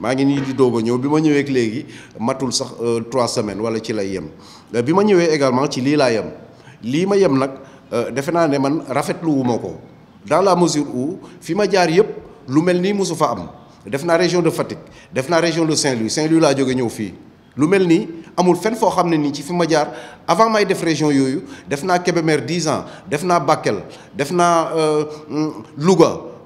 Mangini suis venu di doog a matul euh, semaines Je euh, suis également ci euh, dans la mesure où fi ma jaar yëpp lu région de Fatik, région de Saint-Louis Saint-Louis venu lu J'ai amul avant may def région yooyu def 10 ans def Bakel def hmm, Louga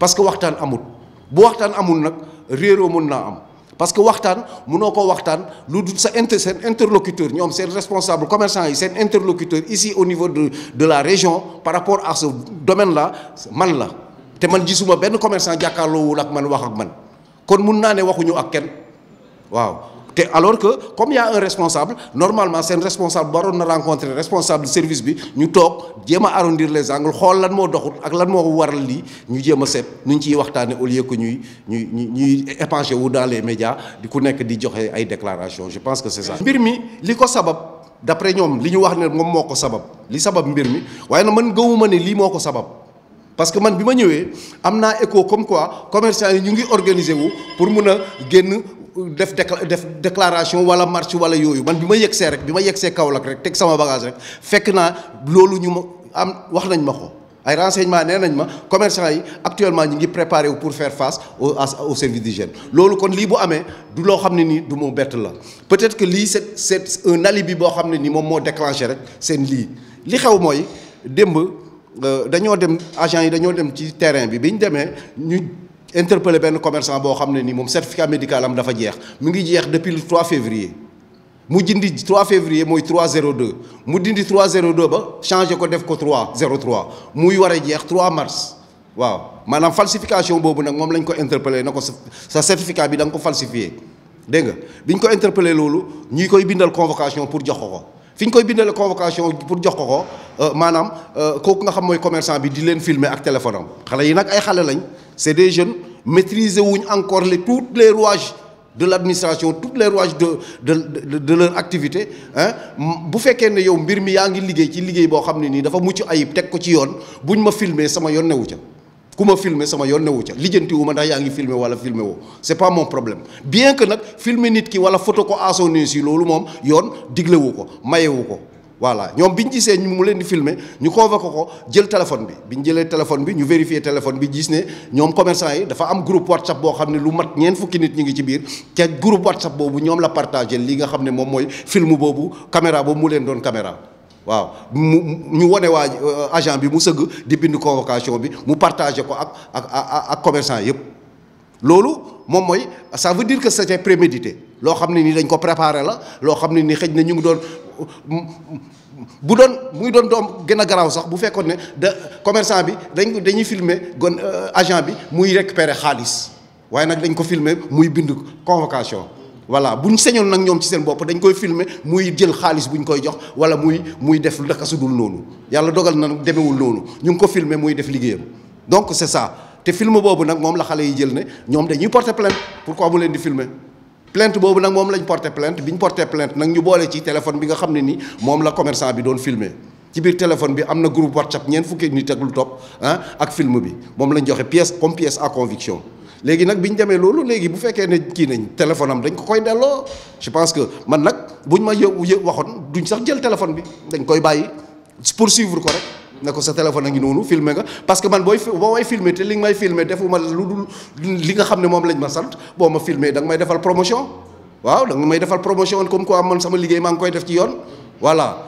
parce que waxtaan amul bu waxtaan amul nag réeroo mën naa am parce que waxtaan mënoo ko waxtaan lu dul sa inter seen interlocuteur ñoom seen responsable commerçant yi seen interlocuteur ici au niveau de de la région par rapport à ce domaine là man la te man gisuma benn commerçant jàkkaarloowul ak man wax ak man kon mun naa ne waxuñu ak kenn waaw alors que comme il y a un responsable normalement c'est un responsable baron na rencontrer responsable service bi ñu tok jéem arrondir les angles xol lan mo doxut ak lan mo waral lii ñu jéem a ñu ci waxtane au lieu que ñuy ñuy ñuy wu dans les médias di ku nek di joxe ay déclarations je pense que c'est ça. mbir mi li ko sabab d'après ñom li ñu wax ne moom moko sabab li sabab mbir mi waaye na man gëwuma ne li moko sabab. parce que man bima ma amna écho comme quoi commerçants yi ñu ngi organiser wu pour mëna génn def def déclaration wala marche wala yoyu man bima ma rek bima ma kaolak rek tek sama bagage rek fekk na loolu ñu am wax nañ ma ko ay renseignement nee nañ ma commerçants yi actuellement ñi ngi préparer wu pour faire face au au service d'hygiène loolu kon li bu amé du lo xam ni du mo bett la peut-être que li c'est c'est un alibi bo xam ni mom mo déclencher rek seen li li xew moy demb euh, dañoo dem agent yi dañoo dem ci terrain bi bi ñu ñu interpellé un commerçant boo certificat médical am dafa depuis le 3 février mu 3 février 302 mu dindi 302 ba changé ko 303 Il a le 3 mars waaw maanaam falsification boobu interpellé certificat bi suis falsifié nga interpellé convocation pour fi koy koy la convocation pour jox ko ko euh, maanaam euh, koku nga xam moy commerçant bi di len filmer ak téléphone xalé yi nak ay xalé lañ c'est des jeunes maîtriser wuñ encore les toutes les rouages de l'administration toutes les rouages de de de, de leur activité hein bu fekkee né yow mbir mi yaa ngi liggéey ci liggéey bo xamni ni dafa muccu ayib tek ko ci yoon buñ ma filmer sama yoon newu ci ku sama yonne ca wu ma wala c'est pas mon problème bien que nak filmer nit ki wala photo ko à son lolou mom yon diglé wu ko wu ko voilà ñom ñu mu di filmer ñu convoqué ko jël téléphone bi biñ jëlé téléphone bi ñu vérifier téléphone bi gis né commerçant yi dafa am groupe whatsapp bo xamné lu mat groupe whatsapp la li nga film bobu caméra nous mu caméra waaw ñu wone waa euh, agent bi mu sëgg di bind convocation bi mu partager ko ak ak ak commerçant yëpp loolu moom mooy ça veut dire que c'était prémédité loo xam ne ni dañ ko préparé la loo xam ne ni xëj na ñu ngi doon bu doon muy doon doom gën a garaaw sax bu fekkoon ne da commerçant bi dañ dañuy filmer gon euh, agent bi muy récupérer xaalis waaye nag dañ ko filmer muy bind convocation voilà bu ñu sañoon nag ñoom ci seen bopp dañ koy filmer muy jël xaalis bu ñu koy jox wala muy muy def naka su noonu yàlla dogal na demewul noonu ñu ngi ko filme muy def liggéeyam donc c'est ça te film boobu nag moom la xale yi jël ne ñoom dañuy porter plainte pourquoi mu leen di filmer plainte boobu nag moom lañ porter plainte bi ñu porter plainte nag ñu boole ci téléphone bi nga xam ne ni moom la commerçant bi doon filmer ci biir téléphone bi am na groupe WhatsApp ñeent fukki nit ak lu topp ah ak film bi moom lañ joxe pièce comme pièce à conviction léegi nag bi ñu demee loolu léegi bu fekkee ne kii nañ téléphone am dañ ko koy delloo je pense que man nag buñ ma yë yë waxoon duñ sax jël téléphone bi dañ koy bàyyi poursuivre ko rek. ne ko sa téléphone a ngi noonu filmer nga parce que man booy boo may filmer te li nga may filmer defuma lu dul li nga xam ne moom lañ ma sant boo ma filmer da may defal promotion waaw da may defal promotion comme quoi sama liggéey maa ngi koy def ci yoon voilà.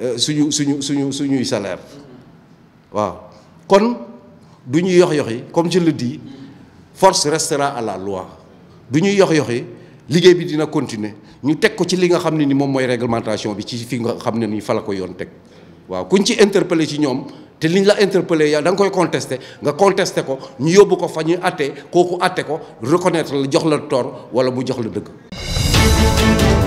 Euh, suñu suñu suñu suñuy salaire waaw kon du ñuy yox yoxi comme je di force restera à la loi du ñuy yox yoxi liggéey bi dina continuer ñu teg ko ci li nga xam ne ni moom mooy réglementation bi ci fi nga xam ne ni fa la ko yoon teg waaw kuñ ci interpellé ci ñoom te liñ la interpellé yaa danga koy contesté nga contesté ko ñu yóbbu ko fa ñuy atte kooku atte ko reconnaître la jox la tort wala mu jox la dëgg